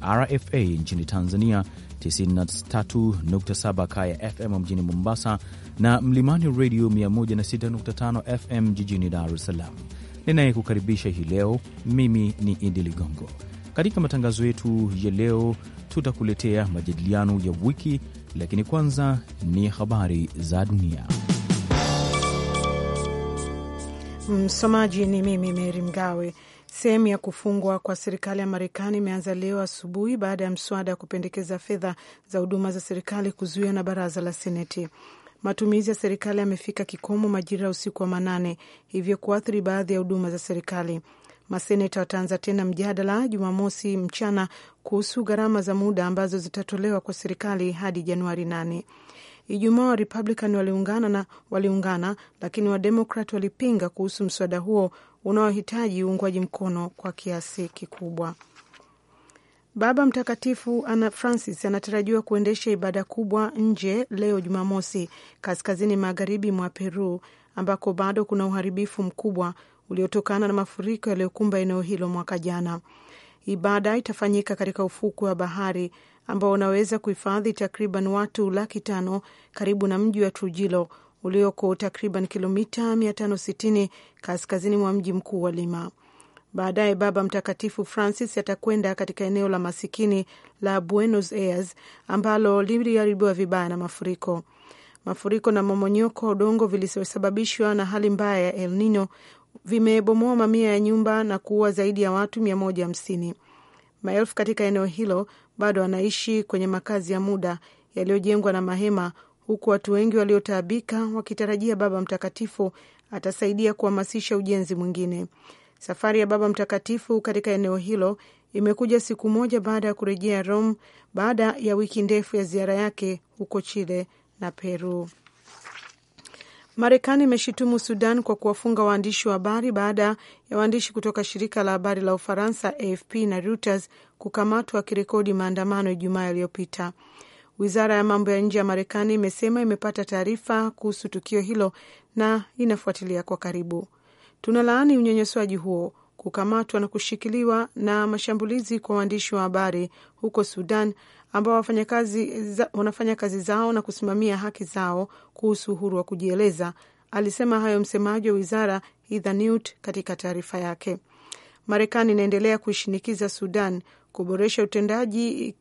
RFA nchini Tanzania, 93.7 Kaya FM mjini Mombasa na Mlimani Radio 106.5 FM jijini Dar es Salaam. Ninayekukaribisha hii leo mimi ni Idi Ligongo. Katika matangazo yetu ya leo tutakuletea majadiliano ya wiki, lakini kwanza ni habari za dunia. Msomaji ni mimi Meri Mgawe. Sehemu ya kufungwa kwa serikali ya Marekani imeanza leo asubuhi baada ya mswada wa kupendekeza fedha za huduma za serikali kuzuiwa na baraza la Seneti. Matumizi ya serikali yamefika kikomo majira ya usiku wa manane, hivyo kuathiri baadhi ya huduma za serikali. Maseneta wataanza tena mjadala Jumamosi mchana kuhusu gharama za muda ambazo zitatolewa kwa serikali hadi Januari nane. Ijumaa wa waliungana, na waliungana lakini Wademokrat walipinga kuhusu mswada huo unaohitaji uungwaji mkono kwa kiasi kikubwa. Baba Mtakatifu Ana Francis anatarajiwa kuendesha ibada kubwa nje leo Jumamosi, kaskazini magharibi mwa Peru ambako bado kuna uharibifu mkubwa uliotokana na mafuriko yaliyokumba eneo hilo mwaka jana. Ibada itafanyika katika ufukwe wa bahari ambao unaweza kuhifadhi takriban watu laki tano karibu na mji wa Trujillo ulioko takriban kilomita 560 kaskazini mwa mji mkuu wa Lima. Baadaye Baba Mtakatifu Francis atakwenda katika eneo la masikini la Buenos Aires ambalo liliharibiwa vibaya na mafuriko. Mafuriko na momonyoko wa udongo vilivyosababishwa na hali mbaya ya El Nino vimebomoa mamia ya nyumba na kuua zaidi ya watu 150. Maelfu katika eneo hilo bado wanaishi kwenye makazi ya muda yaliyojengwa na mahema huku watu wengi waliotaabika wakitarajia Baba Mtakatifu atasaidia kuhamasisha ujenzi mwingine. Safari ya Baba Mtakatifu katika eneo hilo imekuja siku moja baada ya kurejea Rome baada ya wiki ndefu ya ziara yake huko Chile na Peru. Marekani imeshitumu Sudan kwa kuwafunga waandishi wa habari baada ya waandishi kutoka shirika la habari la Ufaransa AFP na Reuters kukamatwa wakirekodi maandamano Ijumaa yaliyopita. Wizara ya mambo ya nje ya Marekani imesema imepata taarifa kuhusu tukio hilo na inafuatilia kwa karibu. Tunalaani unyenyeswaji huo, kukamatwa na kushikiliwa na mashambulizi kwa waandishi wa habari huko Sudan ambao wanafanya kazi zao na kusimamia haki zao kuhusu uhuru wa kujieleza. Alisema hayo msemaji wa wizara Heather Nauert katika taarifa yake. Marekani inaendelea kuishinikiza Sudan kuboresha utendaji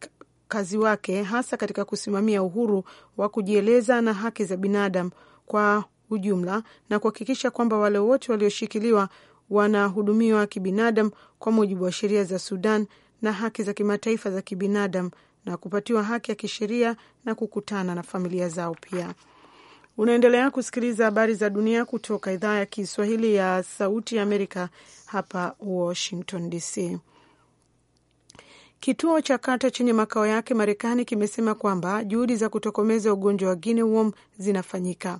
kazi wake hasa katika kusimamia uhuru wa kujieleza na haki za binadamu kwa ujumla na kuhakikisha kwamba wale wote walioshikiliwa wanahudumiwa kibinadamu kwa mujibu wa sheria za Sudan na haki za kimataifa za kibinadamu na kupatiwa haki ya kisheria na kukutana na familia zao pia. Unaendelea kusikiliza habari za dunia kutoka idhaa ya Kiswahili ya Sauti ya Amerika hapa Washington DC. Kituo cha kata chenye makao yake Marekani kimesema kwamba juhudi za kutokomeza ugonjwa wa Guinea zinafanyika.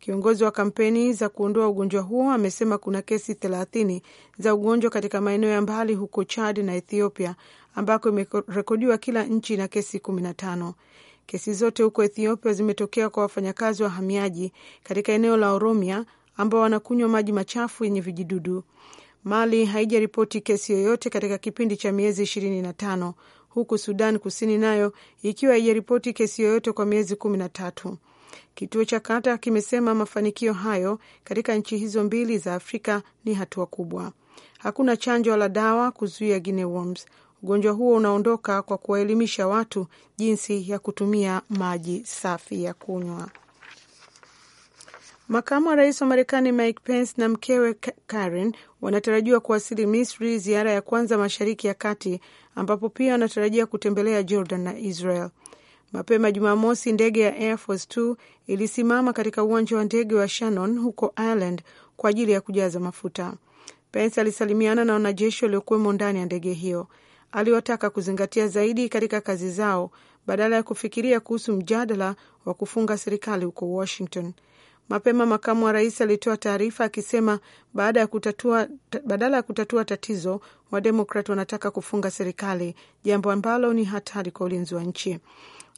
Kiongozi wa kampeni za kuondoa ugonjwa huo amesema kuna kesi thelathini za ugonjwa katika maeneo ya mbali huko Chad na Ethiopia, ambako imerekodiwa kila nchi na kesi kumi na tano. Kesi zote huko Ethiopia zimetokea kwa wafanyakazi wahamiaji katika eneo la Oromia ambao wanakunywa maji machafu yenye vijidudu. Mali haijaripoti kesi yoyote katika kipindi cha miezi ishirini na tano huku Sudan Kusini nayo ikiwa haijaripoti kesi yoyote kwa miezi kumi na tatu. Kituo cha Kata kimesema mafanikio hayo katika nchi hizo mbili za Afrika ni hatua kubwa. Hakuna chanjo wala dawa kuzuia Guinea worms. Ugonjwa huo unaondoka kwa kuwaelimisha watu jinsi ya kutumia maji safi ya kunywa. Makamu wa rais wa Marekani Mike Pence na mkewe Karen wanatarajiwa kuwasili Misri, ziara ya kwanza Mashariki ya Kati, ambapo pia wanatarajia kutembelea Jordan na Israel. Mapema Jumamosi, ndege ya Air Force Two ilisimama katika uwanja wa ndege wa Shannon huko Ireland kwa ajili ya kujaza mafuta. Pence alisalimiana na wanajeshi waliokuwemo ndani ya ndege hiyo. Aliwataka kuzingatia zaidi katika kazi zao badala ya kufikiria kuhusu mjadala wa kufunga serikali huko Washington. Mapema makamu wa rais alitoa taarifa akisema baada ya kutatua, badala ya kutatua tatizo Wademokrat wanataka kufunga serikali, jambo ambalo ni hatari kwa ulinzi wa nchi.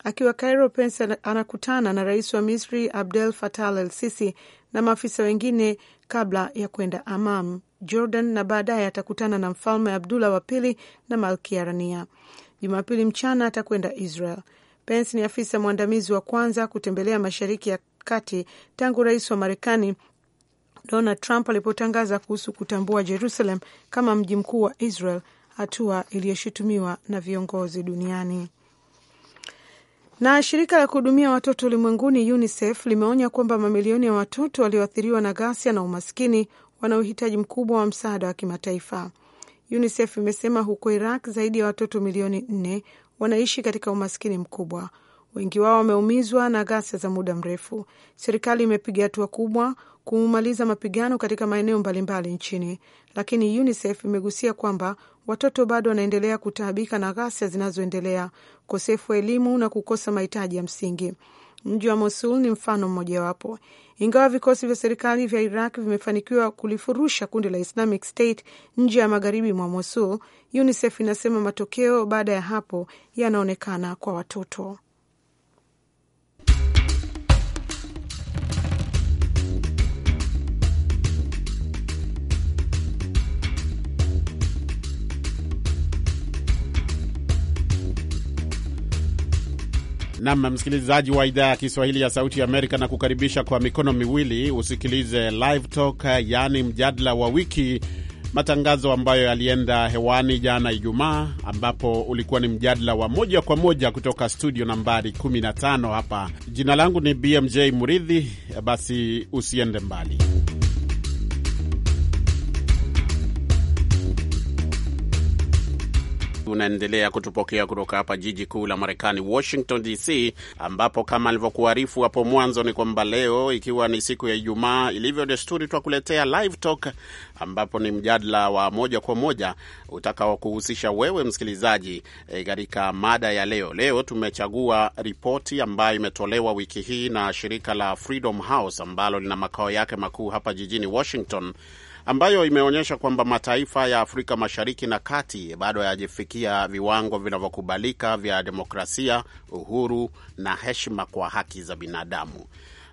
Akiwa Cairo, Pence anakutana na rais wa Misri Abdel Fattah el Sisi na maafisa wengine kabla ya kwenda Amman, Jordan, na baadaye atakutana na mfalme Abdullah wa pili na malkia Rania. Jumapili mchana atakwenda Israel. Pence ni afisa mwandamizi wa kwanza kutembelea mashariki ya kati tangu rais wa Marekani Donald Trump alipotangaza kuhusu kutambua Jerusalem kama mji mkuu wa Israel, hatua iliyoshutumiwa na viongozi duniani. Na shirika la kuhudumia watoto ulimwenguni UNICEF limeonya kwamba mamilioni ya watoto walioathiriwa na ghasia na umaskini wana uhitaji mkubwa wa msaada wa kimataifa. UNICEF imesema huko Iraq zaidi ya watoto milioni nne wanaishi katika umaskini mkubwa Wengi wao wameumizwa na ghasia za muda mrefu. Serikali imepiga hatua kubwa kumaliza mapigano katika maeneo mbalimbali nchini, lakini UNICEF imegusia kwamba watoto bado wanaendelea kutaabika na ghasia zinazoendelea, ukosefu wa elimu na kukosa mahitaji ya msingi. Mji wa Mosul ni mfano mmojawapo. Ingawa vikosi vya serikali vya Iraq vimefanikiwa kulifurusha kundi la Islamic State nje ya magharibi mwa Mosul, UNICEF inasema matokeo baada ya hapo yanaonekana kwa watoto. Nam msikilizaji wa idhaa ya Kiswahili ya Sauti ya Amerika, na kukaribisha kwa mikono miwili usikilize Live Talk, yaani mjadala wa wiki, matangazo ambayo yalienda hewani jana Ijumaa, ambapo ulikuwa ni mjadala wa moja kwa moja kutoka studio nambari 15 hapa. Jina langu ni BMJ Muridhi. Basi usiende mbali. Unaendelea kutupokea kutoka hapa jiji kuu la Marekani, Washington DC, ambapo kama alivyokuarifu hapo mwanzo ni kwamba leo ikiwa ni siku ya Ijumaa, ilivyo desturi, twakuletea Live Talk, ambapo ni mjadala wa moja kwa moja utakaokuhusisha wewe msikilizaji eh, katika e, mada ya leo. Leo tumechagua ripoti ambayo imetolewa wiki hii na shirika la Freedom House ambalo lina makao yake makuu hapa jijini Washington ambayo imeonyesha kwamba mataifa ya Afrika Mashariki na Kati bado hayajafikia viwango vinavyokubalika vya demokrasia, uhuru na heshima kwa haki za binadamu.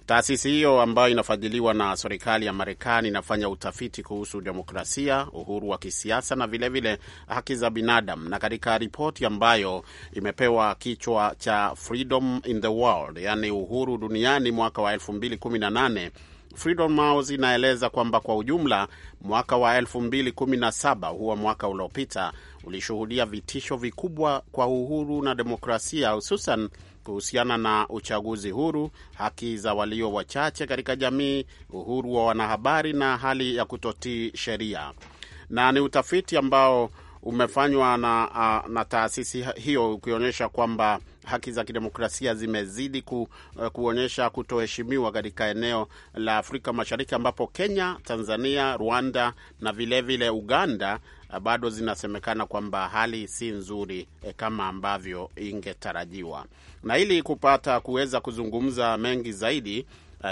Taasisi hiyo ambayo inafadhiliwa na serikali ya Marekani inafanya utafiti kuhusu demokrasia, uhuru wa kisiasa na vilevile haki za binadamu. Na katika ripoti ambayo imepewa kichwa cha Freedom in the World, yaani uhuru duniani, mwaka wa 2018 Freedom House inaeleza kwamba kwa ujumla mwaka wa 2017 huwa mwaka uliopita ulishuhudia vitisho vikubwa kwa uhuru na demokrasia hususan kuhusiana na uchaguzi huru, haki za walio wachache katika jamii, uhuru wa wanahabari na hali ya kutotii sheria. Na ni utafiti ambao umefanywa na, na taasisi hiyo ukionyesha kwamba haki za kidemokrasia zimezidi ku, eh, kuonyesha kutoheshimiwa katika eneo la Afrika Mashariki ambapo Kenya, Tanzania, Rwanda na vilevile vile Uganda eh, bado zinasemekana kwamba hali si nzuri e, kama ambavyo ingetarajiwa. Na ili kupata kuweza kuzungumza mengi zaidi,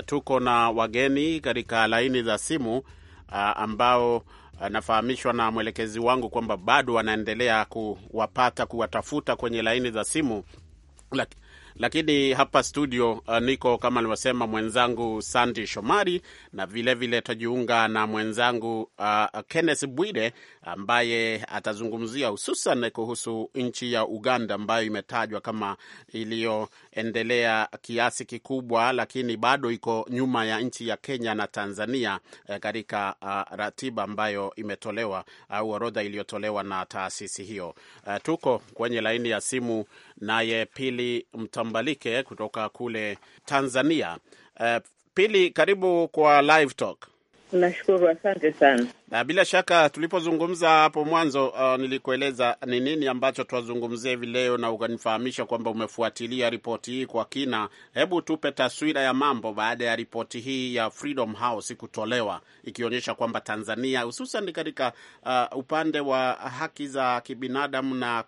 tuko na wageni katika laini za simu ambao anafahamishwa na mwelekezi wangu kwamba bado wanaendelea kuwapata kuwatafuta kwenye laini za simu lakini hapa studio uh, niko kama alivyosema mwenzangu Sandi Shomari na vilevile tajiunga na mwenzangu uh, Kenneth Bwire ambaye atazungumzia hususan kuhusu nchi ya Uganda ambayo imetajwa kama iliyoendelea kiasi kikubwa, lakini bado iko nyuma ya nchi ya Kenya na Tanzania uh, katika uh, ratiba ambayo imetolewa au uh, orodha iliyotolewa na taasisi hiyo. Uh, tuko kwenye laini ya simu naye Pili Mtambalike kutoka kule Tanzania. Uh, Pili, karibu kwa Live Talk. Nashukuru, asante sana. Na bila shaka tulipozungumza hapo mwanzo, uh, nilikueleza ni nini ambacho twazungumzia hivi leo, na ukanifahamisha kwamba umefuatilia ripoti hii kwa kina. Hebu tupe taswira ya mambo baada ya ripoti hii ya Freedom House kutolewa ikionyesha kwamba Tanzania hususan katika uh, upande wa haki za kibinadamu na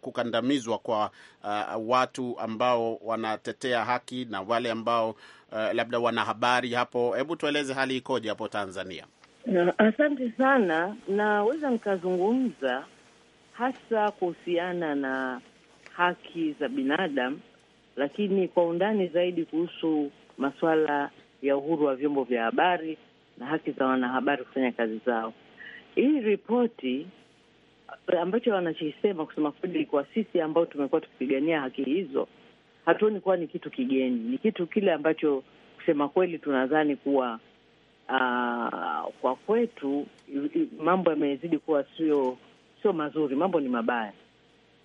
kukandamizwa kwa uh, watu ambao wanatetea haki na wale ambao Eh, labda wanahabari hapo. Hebu tueleze hali ikoje hapo Tanzania? Asante sana, naweza nikazungumza hasa kuhusiana na haki za binadamu, lakini kwa undani zaidi kuhusu masuala ya uhuru wa vyombo vya habari na haki za wanahabari kufanya kazi zao. Hii ripoti ambacho wanachisema kusema kweli, kwa sisi ambao tumekuwa tukipigania haki hizo hatuoni kuwa ni kitu kigeni, ni kitu kile ambacho kusema kweli tunadhani kuwa uh, kwa kwetu mambo yamezidi kuwa sio sio mazuri, mambo ni mabaya.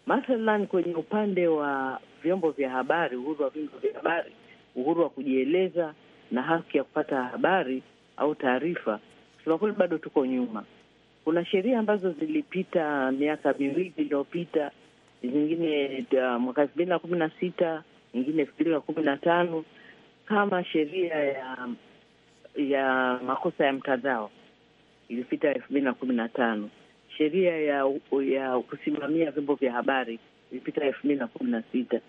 Mathalan kwenye upande wa vyombo vya habari, uhuru wa vyombo vya habari, uhuru wa kujieleza na haki ya kupata habari au taarifa, kusema kweli bado tuko nyuma. Kuna sheria ambazo zilipita miaka miwili iliyopita, zingine ah, mwaka elfu mbili na kumi na sita nyingine elfu mbili na kumi na tano kama sheria ya ya makosa ya mtandao ilipita elfu mbili na kumi na tano sheria ya ya kusimamia vyombo vya habari ilipita elfu mbili na kumi na sita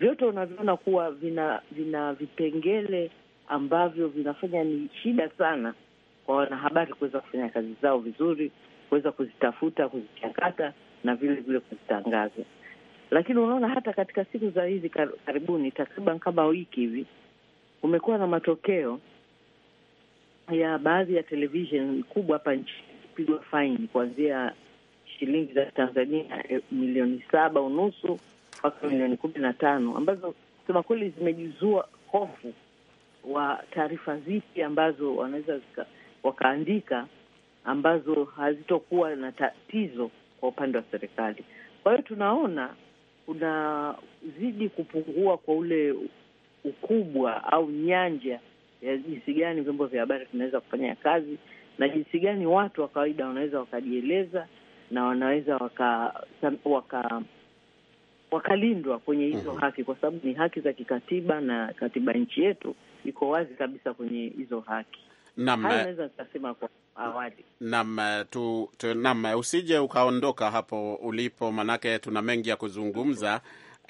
Vyote unavyoona kuwa vina vina vipengele ambavyo vinafanya ni shida sana kwa wanahabari kuweza kufanya kazi zao vizuri, kuweza kuzitafuta, kuzichakata na vile vile kuzitangaza. Lakini unaona hata katika siku za hizi karibuni, takriban kama wiki hivi, kumekuwa na matokeo ya baadhi ya televishen kubwa hapa nchini kupigwa faini kuanzia shilingi za Tanzania e, milioni saba unusu mpaka milioni kumi na tano ambazo kusema kweli zimejizua hofu wa taarifa zipi ambazo wanaweza wakaandika ambazo hazitokuwa na tatizo kwa upande wa serikali. Kwa hiyo tunaona kunazidi kupungua kwa ule ukubwa au nyanja ya jinsi gani vyombo vya habari vinaweza kufanya kazi na jinsi gani watu wa kawaida wanaweza wakajieleza na wanaweza waka, waka kwenye hizo mm -hmm. haki kwa sababu ni haki za kikatiba na katiba nchi yetu iko wazi kabisa kwenye hizo haki. haya naweza nikasema kwa awali. Naam, eh, tu, tu, naam, eh, usije ukaondoka hapo ulipo, manake tuna mengi ya kuzungumza.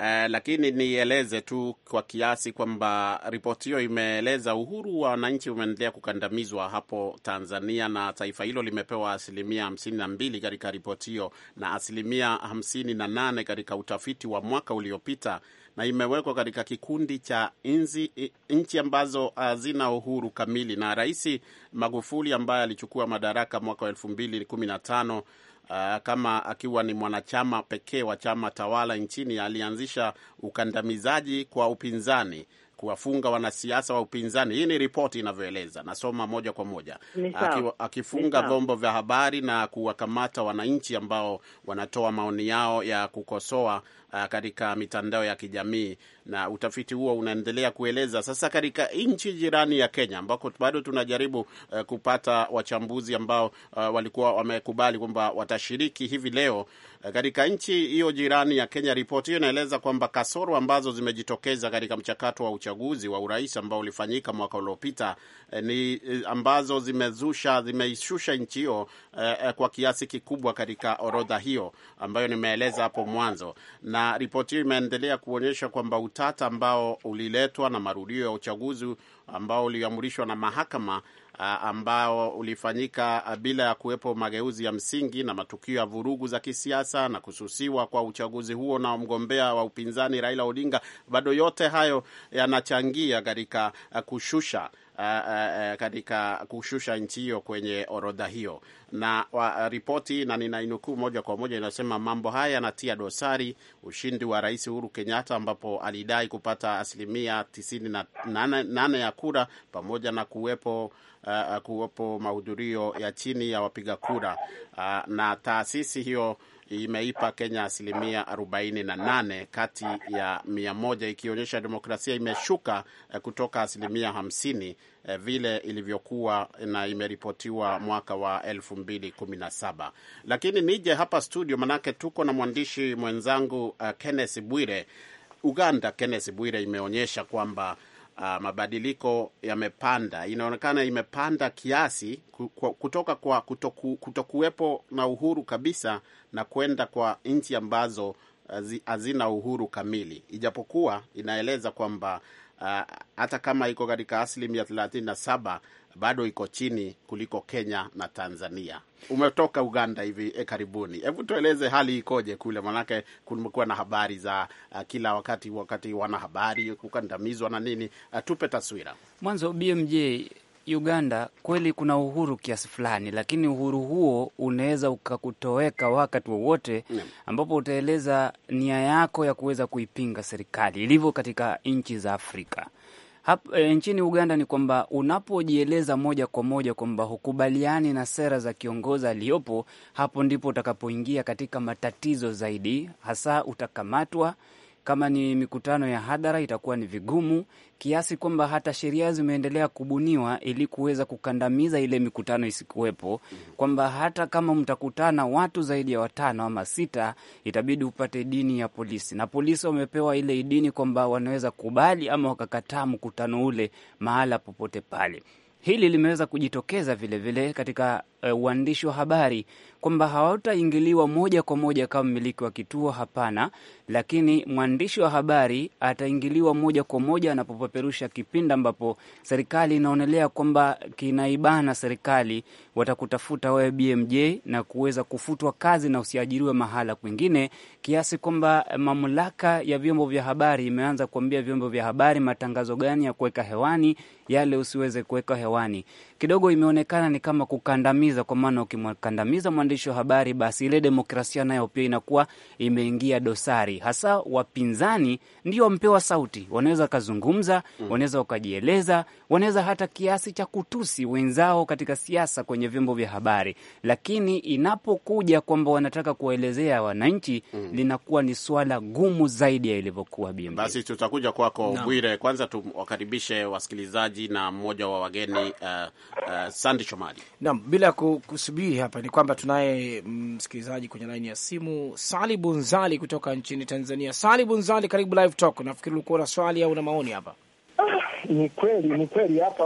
Uh, lakini nieleze tu kwa kiasi kwamba ripoti hiyo imeeleza uhuru wa wananchi umeendelea kukandamizwa hapo Tanzania, na taifa hilo limepewa asilimia hamsini na mbili katika ripoti hiyo na asilimia hamsini na nane katika utafiti wa mwaka uliopita na imewekwa katika kikundi cha inzi, nchi ambazo hazina uh, uhuru kamili, na Rais Magufuli ambaye alichukua madaraka mwaka wa elfu mbili kumi na tano Uh, kama akiwa ni mwanachama pekee wa chama tawala nchini, alianzisha ukandamizaji kwa upinzani, kuwafunga wanasiasa wa upinzani. Hii ni ripoti inavyoeleza, nasoma moja kwa moja. Aki, akifunga vyombo vya habari na kuwakamata wananchi ambao wanatoa maoni yao ya kukosoa uh, katika mitandao ya kijamii, na utafiti huo unaendelea kueleza sasa katika nchi jirani ya Kenya ambako bado tunajaribu uh, kupata wachambuzi ambao uh, walikuwa wamekubali kwamba watashiriki hivi leo uh, katika nchi hiyo jirani ya Kenya. Ripoti hiyo inaeleza kwamba kasoro ambazo zimejitokeza katika mchakato wa uchaguzi wa urais ambao ulifanyika mwaka uliopita uh, ni uh, ambazo zimezusha zimeishusha nchi hiyo uh, uh, kwa kiasi kikubwa katika orodha hiyo ambayo nimeeleza hapo mwanzo na na ripoti hiyo imeendelea kuonyesha kwamba utata ambao uliletwa na marudio ya uchaguzi ambao uliamrishwa na mahakama ambao ulifanyika bila ya kuwepo mageuzi ya msingi na matukio ya vurugu za kisiasa na kususiwa kwa uchaguzi huo na mgombea wa upinzani Raila Odinga, bado yote hayo yanachangia katika kushusha uh, uh, katika kushusha nchi hiyo kwenye orodha hiyo, na wa, ripoti na ninainukuu moja kwa moja inasema mambo haya yanatia dosari ushindi wa Rais Uhuru Kenyatta ambapo alidai kupata asilimia tisini na nane, nane ya kura pamoja na kuwepo uh, kuwepo mahudhurio ya chini ya wapiga kura uh, na taasisi hiyo imeipa Kenya asilimia 48 kati ya 100, ikionyesha demokrasia imeshuka eh, kutoka asilimia 50 eh, vile ilivyokuwa na imeripotiwa mwaka wa 2017. Lakini nije hapa studio, manake tuko na mwandishi mwenzangu eh, Kenneth Bwire Uganda. Kenneth Bwire imeonyesha kwamba uh, mabadiliko yamepanda, inaonekana imepanda kiasi kutoka kwa kutoku, kutokuwepo na uhuru kabisa na kwenda kwa nchi ambazo uh, hazina uhuru kamili, ijapokuwa inaeleza kwamba Uh, hata kama iko katika asilimia thelathini na saba bado iko chini kuliko Kenya na Tanzania. Umetoka Uganda hivi e karibuni, hebu tueleze hali ikoje kule? Maanake kumekuwa na habari za uh, kila wakati wakati wanahabari kukandamizwa na nini. Uh, tupe taswira mwanzo BMJ Uganda kweli kuna uhuru kiasi fulani, lakini uhuru huo unaweza ukakutoweka wakati wowote ambapo utaeleza nia yako ya kuweza kuipinga serikali ilivyo katika nchi za Afrika. Hap, e, nchini Uganda ni kwamba unapojieleza moja kwa moja kwamba hukubaliani na sera za kiongozi aliyopo, hapo ndipo utakapoingia katika matatizo zaidi, hasa utakamatwa kama ni mikutano ya hadhara, itakuwa ni vigumu kiasi kwamba hata sheria zimeendelea kubuniwa ili kuweza kukandamiza ile mikutano isikuwepo, kwamba hata kama mtakutana watu zaidi ya watano ama sita, itabidi upate idini ya polisi, na polisi wamepewa ile idini kwamba wanaweza kubali ama wakakataa mkutano ule mahala popote pale. Hili limeweza kujitokeza vilevile vile katika Eh, uandishi wa habari kwamba hawataingiliwa moja kwa moja kama mmiliki wa kituo, hapana, lakini mwandishi wa habari ataingiliwa moja kwa moja anapopeperusha kipindi ambapo serikali inaonelea kwamba kinaibana serikali. Watakutafuta wewe BMJ na kuweza kufutwa kazi na usiajiriwe mahala kwingine, kiasi kwamba eh, mamlaka ya vyombo vya habari imeanza kuambia vyombo vya habari matangazo gani ya kuweka hewani, yale usiweze kuweka hewani kidogo imeonekana ni kama kukandamiza, kwa maana ukimkandamiza mwandishi wa habari, basi ile demokrasia nayo pia inakuwa imeingia dosari. Hasa wapinzani ndio wampewa sauti, wanaweza wakazungumza, mm. wanaweza wakajieleza, wanaweza hata kiasi cha kutusi wenzao katika siasa kwenye vyombo vya habari, lakini inapokuja kwamba wanataka kuwaelezea wananchi mm, linakuwa ni swala gumu zaidi ya ilivyokuwa. Basi tutakuja kwako kwa Bwire, kwanza tuwakaribishe wasikilizaji na mmoja wa wageni uh, Uh, Sande Shomali. Naam, bila kusubiri hapa ni kwamba tunaye mm, msikilizaji kwenye laini ya simu Sali Bunzali kutoka nchini Tanzania. Sali Bunzali, karibu Live Talk. Nafikiri ulikuwa na swali au na maoni hapa. Ah, ni kweli ni kweli hapa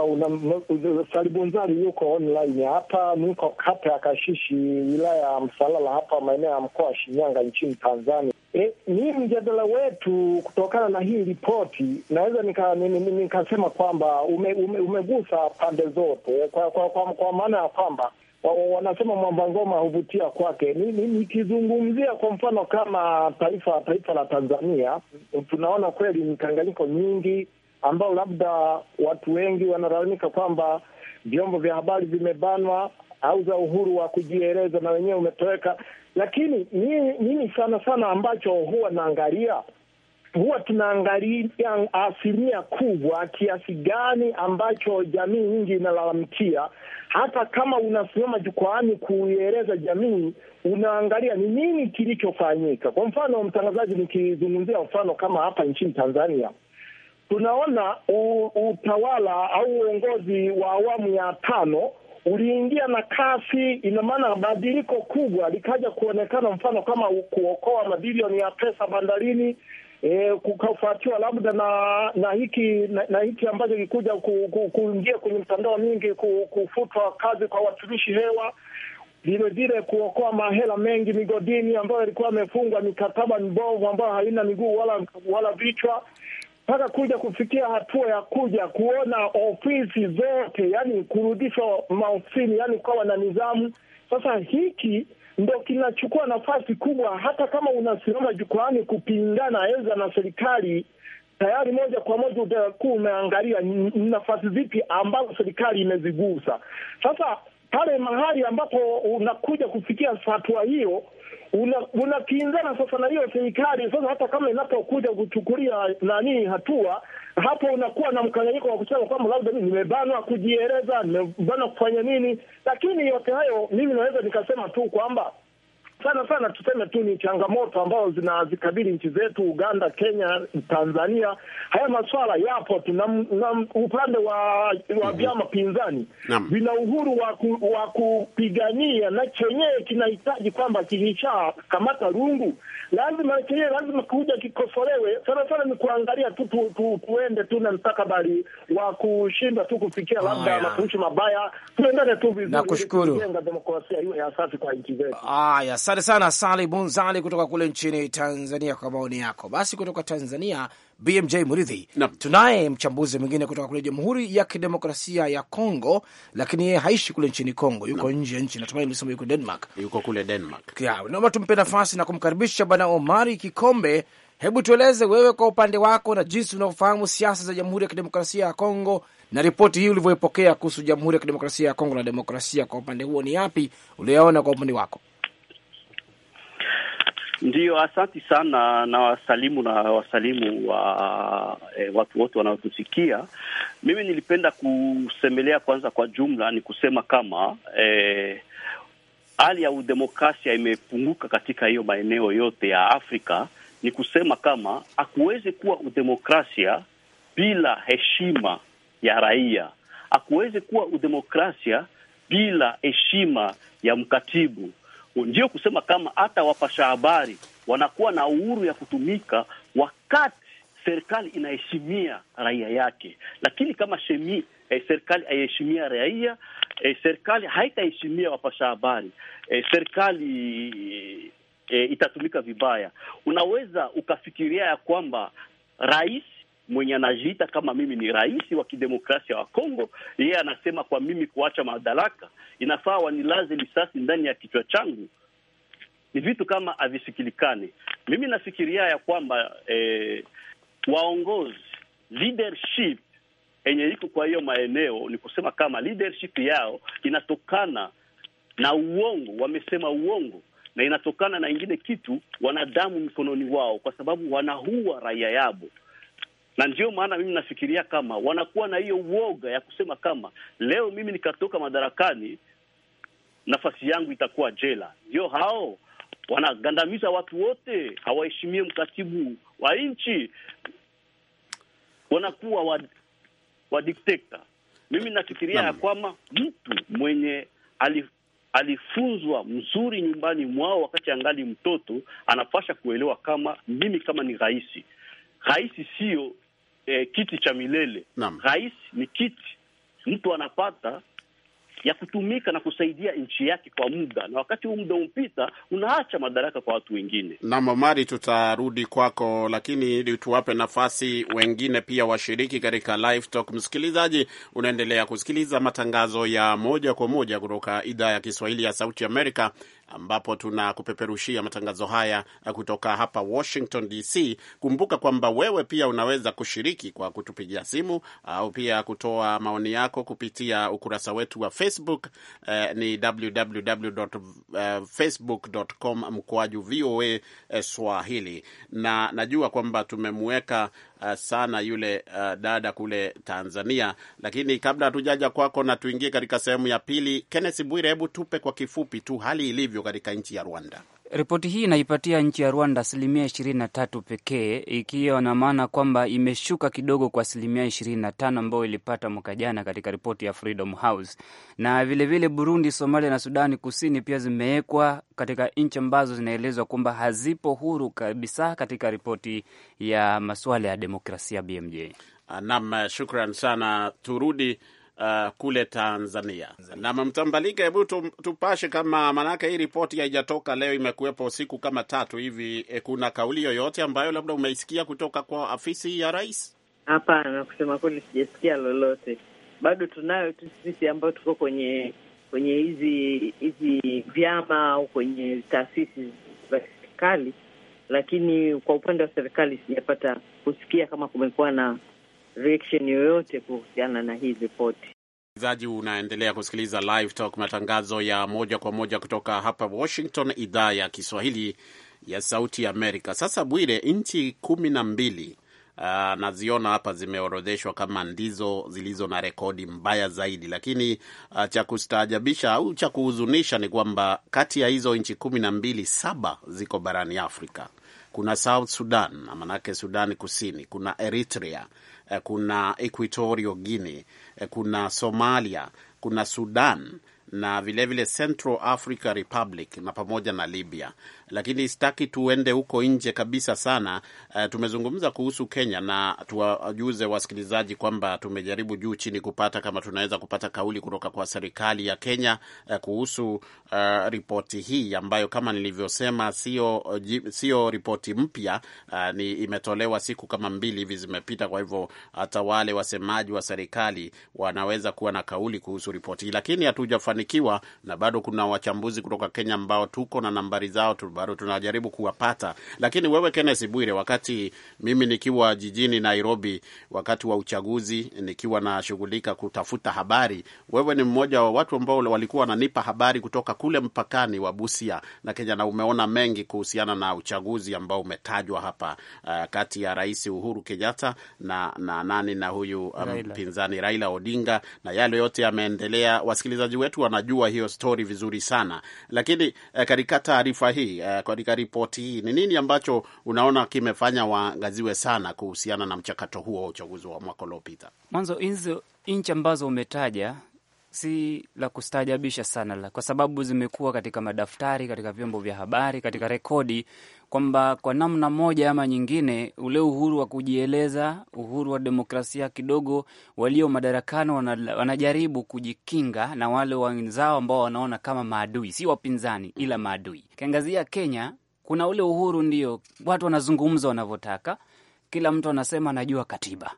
Salibunzari yuko online hapa, niko kata ya Kashishi, wilaya ya Msalala, hapa maeneo ya mkoa wa Shinyanga nchini Tanzania. E, ni mjadala wetu kutokana na hii ripoti, naweza nikasema nika, nika kwamba ume, ume, umegusa pande zote kwa, kwa, kwa, kwa maana ya kwamba wanasema mwamba ngoma huvutia kwake. Nikizungumzia kwa mfano kama taifa taifa la Tanzania, tunaona kweli mkanganyiko nyingi ambao labda watu wengi wanalalamika kwamba vyombo vya habari vimebanwa au za uhuru wa kujieleza na wenyewe umetoweka. Lakini mimi, sana sana ambacho huwa naangalia huwa tunaangalia asilimia kubwa kiasi gani ambacho jamii nyingi inalalamikia. Hata kama unasimama jukwaani kuieleza jamii, unaangalia ni nini kilichofanyika. Kwa mfano, mtangazaji, nikizungumzia mfano kama hapa nchini Tanzania tunaona utawala au uongozi wa awamu ya tano uliingia na kasi, ina maana badiliko kubwa likaja kuonekana, mfano kama kuokoa mabilioni ya pesa bandarini. E, kukafuatiwa labda na na hiki na, na hiki ambacho kikuja ku, ku, kuingia kwenye mtandao mingi ku, kufutwa kazi kwa watumishi hewa, vilevile kuokoa mahela mengi migodini ambayo yalikuwa yamefungwa mikataba mibovu ambayo haina miguu wala wala vichwa mpaka kuja kufikia hatua ya kuja kuona ofisi zote, yani kurudishwa maofisini, yani ukawa na nidhamu. Sasa hiki ndo kinachukua nafasi kubwa, hata kama unasimama jukwani kupingana eza na serikali tayari moja kwa moja utakuwa umeangalia nafasi zipi ambazo serikali imezigusa. Sasa pale mahali ambapo unakuja kufikia hatua hiyo unakinzana una sasa na hiyo serikali sasa. Hata kama inapokuja kuchukulia nani hatua hapo, unakuwa na mkanganyiko wa kusema kwamba labda mii nimebanwa kujieleza, nimebanwa kufanya nini. Lakini yote hayo mimi naweza nikasema tu kwamba sana sana tuseme tu ni changamoto ambazo zinazikabili nchi zetu Uganda, Kenya, Tanzania. Haya maswala yapo tu na, na upande wa wa mhm. vyama mm -hmm. pinzani vina uhuru wa kupigania, na chenyewe kinahitaji kwamba kilisha kamata rungu, lazima chenyewe lazima kuja kikosolewe. Sana sana ni kuangalia tu, tu, tu tuende tu na mstakabali wa kushinda tu kufikia oh, labda matumishi mabaya, tuendane tu vizuri, kujenga demokrasia hiyo ya safi kwa nchi zetu. Asante sana Sali Bunzali kutoka kule nchini Tanzania kwa maoni yako. Basi kutoka Tanzania, BMJ Muridhi, tunaye mchambuzi mwingine kutoka kule Jamhuri ya Kidemokrasia ya Congo, lakini yeye haishi kule nchini Congo, yuko nje ya nchi. Natumai lisema yuko Denmark, yuko kule Denmark. Naomba tumpe nafasi na kumkaribisha Bwana Omari Kikombe. Hebu tueleze wewe kwa upande wako na jinsi unavyofahamu siasa za Jamhuri ya Kidemokrasia ya Congo na ripoti hii ulivyoipokea kuhusu Jamhuri ya Kidemokrasia ya Kongo na demokrasia, kwa upande huo ni yapi uliyaona kwa upande wako? Ndiyo, asanti sana na wasalimu na wasalimu wa e, watu wote wanaotusikia. Mimi nilipenda kusemelea kwanza, kwa jumla ni kusema kama eh, hali ya udemokrasia imepunguka katika hiyo maeneo yote ya Afrika. Ni kusema kama hakuwezi kuwa udemokrasia bila heshima ya raia, hakuwezi kuwa udemokrasia bila heshima ya mkatibu ndio kusema kama hata wapasha habari wanakuwa na uhuru ya kutumika wakati serikali inaheshimia raia yake, lakini kama shemi eh, serikali haiheshimia raia eh, serikali haitaheshimia wapasha habari eh, serikali eh, itatumika vibaya. Unaweza ukafikiria ya kwamba rais mwenye anajiita kama mimi ni rais wa kidemokrasia wa Kongo, yeye anasema kwa mimi kuacha madaraka inafaa wanilaze lisasi ndani ya kichwa changu. Ni vitu kama havisikilikani. Mimi nafikiria ya kwamba eh, waongozi leadership yenye iko kwa hiyo maeneo ni kusema kama leadership yao inatokana na uongo, wamesema uongo na inatokana na ingine kitu, wanadamu mikononi wao, kwa sababu wanaua raia yabo na ndio maana mimi nafikiria kama wanakuwa na hiyo uoga ya kusema kama leo mimi nikatoka madarakani, nafasi yangu itakuwa jela. Ndio hao wanagandamiza watu wote, hawaheshimie mkatibu wa nchi, wanakuwa wa, wa dikteta. Mimi nafikiria ya kwamba mtu mwenye ali alifunzwa mzuri nyumbani mwao wakati angali mtoto, anapasha kuelewa kama mimi kama ni rais, rais sio eh, kiti cha milele. Rais ni kiti mtu anapata ya kutumika na kusaidia nchi yake kwa muda, na wakati huu muda umpita, unaacha madaraka kwa watu wengine. Naam, Omari, tutarudi kwako, lakini ili tuwape nafasi wengine pia washiriki katika live talk. Msikilizaji, unaendelea kusikiliza matangazo ya moja kwa moja kutoka idhaa ya Kiswahili ya Sauti Amerika, ambapo tunakupeperushia matangazo haya kutoka hapa Washington DC. Kumbuka kwamba wewe pia unaweza kushiriki kwa kutupigia simu au pia kutoa maoni yako kupitia ukurasa wetu wa Facebook eh, ni www.facebook.com eh, mkoaju VOA eh, Swahili, na najua kwamba tumemweka uh, sana yule uh, dada kule Tanzania. Lakini kabla hatujaja kwako na tuingie katika sehemu ya pili, Kenneth Bwire, hebu tupe kwa kifupi tu hali ilivyo katika nchi ya Rwanda. Ripoti hii inaipatia nchi ya Rwanda asilimia ishirini na tatu pekee, ikiwa na maana kwamba imeshuka kidogo kwa asilimia ishirini na tano ambayo ilipata mwaka jana katika ripoti ya Freedom House. Na vilevile vile Burundi, Somalia na Sudani Kusini pia zimewekwa katika nchi ambazo zinaelezwa kwamba hazipo huru kabisa katika ripoti ya masuala ya demokrasia. BMJ nam, shukran sana. Turudi uh, kule Tanzania. Na Mtambalike, hebu tupashe kama, maanake hii ripoti haijatoka leo, imekuwepo siku kama tatu hivi. E, kuna kauli yoyote ambayo labda umeisikia kutoka kwa afisi ya rais? Hapana, kusema kweli sijasikia lolote bado. Tunayo tu sisi ambayo tuko kwenye kwenye hizi hizi vyama au kwenye taasisi za serikali, lakini kwa upande wa serikali sijapata kusikia kama kumekuwa na reaction yoyote kuhusiana na hii ripoti. Msikilizaji, unaendelea kusikiliza Live Talk, matangazo ya moja kwa moja kutoka hapa Washington, idhaa ya Kiswahili ya Sauti ya Amerika. Sasa Bwire, nchi kumi na mbili uh, naziona hapa zimeorodheshwa kama ndizo zilizo na rekodi mbaya zaidi, lakini uh, cha kustaajabisha au cha kuhuzunisha ni kwamba kati ya hizo nchi kumi na mbili, saba ziko barani Afrika kuna South Sudan, maanake Sudani Kusini, kuna Eritrea, eh, kuna Equatorio Guinea, eh, kuna Somalia, kuna Sudan na vilevile vile Central Africa Republic na pamoja na Libya lakini sitaki tuende huko nje kabisa sana. Uh, tumezungumza kuhusu Kenya na tuwajuze wasikilizaji kwamba tumejaribu juu chini kupata kama tunaweza kupata kauli kutoka kwa serikali ya Kenya uh, kuhusu uh, ripoti hii ambayo kama nilivyosema sio, sio ripoti mpya uh, ni imetolewa siku kama mbili hivi zimepita. Kwa hivyo hata wale wasemaji wa serikali wanaweza kuwa na kauli kuhusu ripoti hii, lakini hatujafanikiwa na bado kuna wachambuzi kutoka Kenya ambao tuko na nambari zao tu bado tunajaribu kuwapata. Lakini wewe Kenneth Bwire, wakati mimi nikiwa jijini Nairobi wakati wa uchaguzi, nikiwa nashughulika kutafuta habari, wewe ni mmoja wa watu ambao walikuwa wananipa habari kutoka kule mpakani wa Busia na Kenya, na umeona mengi kuhusiana na uchaguzi ambao umetajwa hapa, uh, kati ya Rais Uhuru Kenyatta na, na nani na huyu mpinzani um, Raila Odinga, na yale yote yameendelea. Wasikilizaji wetu wanajua hiyo stori vizuri sana, lakini uh, katika taarifa hii Eh, katika ripoti hii ni nini ambacho unaona kimefanya waangaziwe sana kuhusiana na mchakato huo wa uchaguzi wa mwaka uliopita? Mwanzo, hizo nchi ambazo umetaja si la kustaajabisha sana la, kwa sababu zimekuwa katika madaftari, katika vyombo vya habari, katika rekodi kwamba kwa namna moja ama nyingine ule uhuru wa kujieleza, uhuru wa demokrasia kidogo, walio madarakani wana, wanajaribu kujikinga na wale wenzao ambao wanaona kama maadui, si wapinzani ila maadui. Kiangazia Kenya kuna ule uhuru, ndio watu wanazungumza wanavyotaka, kila mtu anasema anajua katiba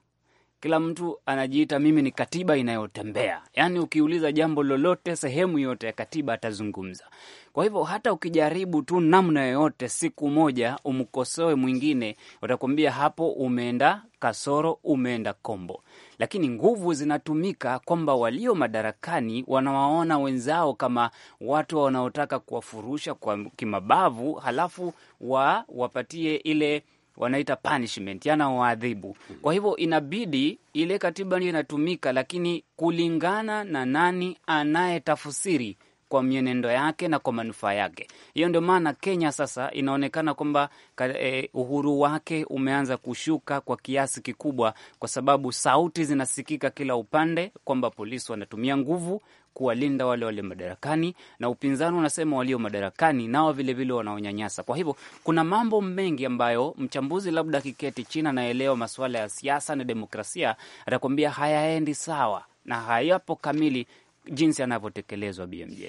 kila mtu anajiita mimi ni katiba inayotembea, yaani ukiuliza jambo lolote, sehemu yote ya katiba atazungumza. Kwa hivyo hata ukijaribu tu namna yoyote, siku moja umkosoe mwingine, watakuambia hapo umeenda kasoro, umeenda kombo. Lakini nguvu zinatumika kwamba walio madarakani wanawaona wenzao kama watu wanaotaka kuwafurusha kwa kimabavu, halafu wa wapatie ile wanaita punishment, yana waadhibu. Kwa hivyo inabidi ile katiba ndio inatumika, lakini kulingana na nani anayetafsiri kwa mienendo yake na kwa manufaa yake. Hiyo ndio maana Kenya sasa inaonekana kwamba e, uhuru wake umeanza kushuka kwa kiasi kikubwa, kwa sababu sauti zinasikika kila upande kwamba polisi wanatumia nguvu kuwalinda wale walio madarakani na upinzani unasema walio madarakani nao vilevile wanaonyanyasa. Kwa hivyo kuna mambo mengi ambayo mchambuzi labda akiketi china anaelewa masuala ya siasa na demokrasia atakuambia hayaendi sawa na hayapo kamili jinsi anavyotekelezwa BMJ.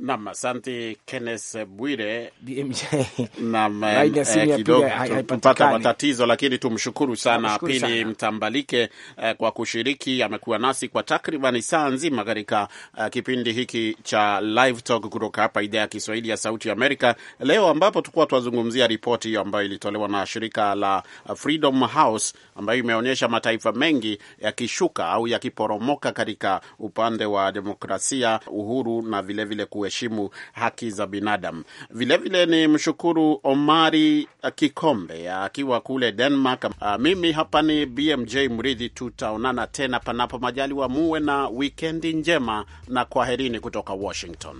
Nam, asante Kenneth Bwire. Eh, tupata matatizo lakini tumshukuru sana Pili sana. Mtambalike eh, kwa kushiriki. Amekuwa nasi kwa takriban saa nzima katika uh, kipindi hiki cha Live Talk kutoka hapa idhaa ya Kiswahili ya Sauti ya Amerika leo, ambapo tulikuwa tunazungumzia ripoti hiyo ambayo ilitolewa na shirika la Freedom House ambayo imeonyesha mataifa mengi yakishuka au yakiporomoka katika upande wa demokrasia, uhuru na vilevile kuheshimu haki za binadamu. Vilevile ni mshukuru Omari Kikombe akiwa kule Denmark. A, ah, mimi hapa ni BMJ Mridhi, tutaonana tena panapo majaliwa. Muwe na wikendi njema na kwaherini kutoka Washington.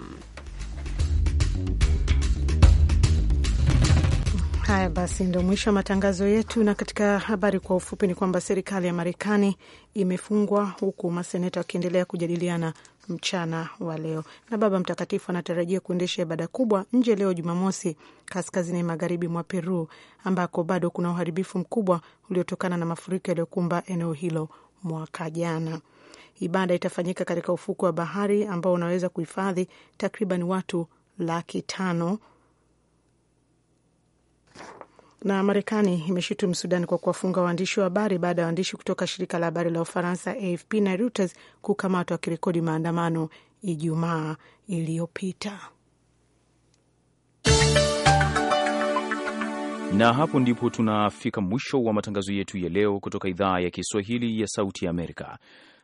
Haya basi, ndo mwisho wa matangazo yetu. Na katika habari kwa ufupi, ni kwamba serikali ya Marekani imefungwa huku maseneta wakiendelea kujadiliana mchana wa leo. Na Baba Mtakatifu anatarajia kuendesha ibada kubwa nje leo Jumamosi, kaskazini magharibi mwa Peru, ambako bado kuna uharibifu mkubwa uliotokana na mafuriko yaliyokumba eneo hilo mwaka jana. Ibada itafanyika katika ufukwe wa bahari ambao unaweza kuhifadhi takriban watu laki tano na Marekani imeshutumu Sudan kwa kuwafunga waandishi wa habari baada ya waandishi kutoka shirika la habari la Ufaransa AFP na Reuters kukamatwa wakirekodi maandamano Ijumaa iliyopita. Na hapo ndipo tunafika mwisho wa matangazo yetu ya leo kutoka idhaa ya Kiswahili ya Sauti ya Amerika.